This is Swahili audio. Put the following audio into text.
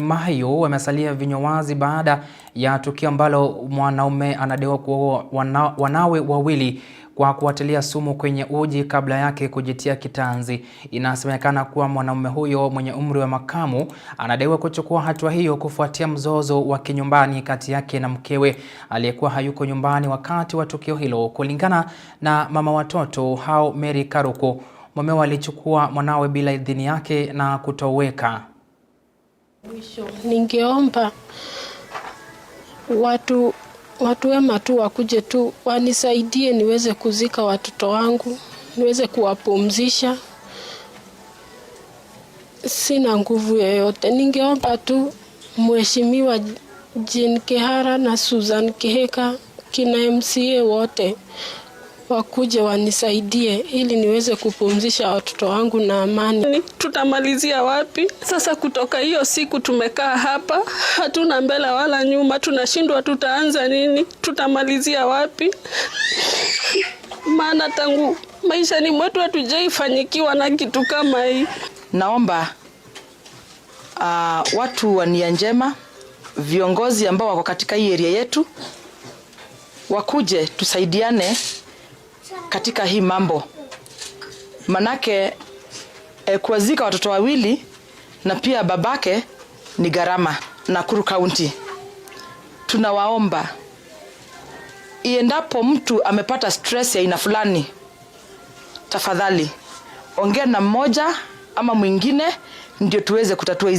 Maimayu wamesalia vinywa wazi baada ya tukio ambalo mwanaume anadaiwa kuua wana, wanawe wawili kwa kuwatilia sumu kwenye uji kabla yake kujitia kitanzi. Inasemekana kuwa mwanaume huyo mwenye umri wa makamu anadaiwa kuchukua hatua hiyo kufuatia mzozo wa kinyumbani kati yake na mkewe aliyekuwa hayuko nyumbani wakati wa tukio hilo. Kulingana na mama watoto hao Mary Karuko, mumewe alichukua mwanawe bila idhini yake na kutoweka. Mwisho, ningeomba watu watu wema tu wakuje tu wanisaidie niweze kuzika watoto wangu, niweze kuwapumzisha. Sina nguvu yoyote. Ningeomba tu Mheshimiwa Jean Kihara na Susan kiheka kina MCA wote wakuje wanisaidie ili niweze kupumzisha watoto wangu na amani. Tutamalizia wapi sasa? Kutoka hiyo siku tumekaa hapa, hatuna mbele wala nyuma, tunashindwa tutaanza nini, tutamalizia wapi? maana tangu maishani mwetu hatujaifanyikiwa na kitu kama hii. Naomba uh, watu wa nia njema, viongozi ambao wako katika hii eria yetu wakuje tusaidiane katika hii mambo manake e, kuwazika watoto wawili na pia babake ni gharama Nakuru kaunti Tunawaomba iendapo mtu amepata stress ya aina fulani, tafadhali ongea na mmoja ama mwingine, ndio tuweze kutatua hizi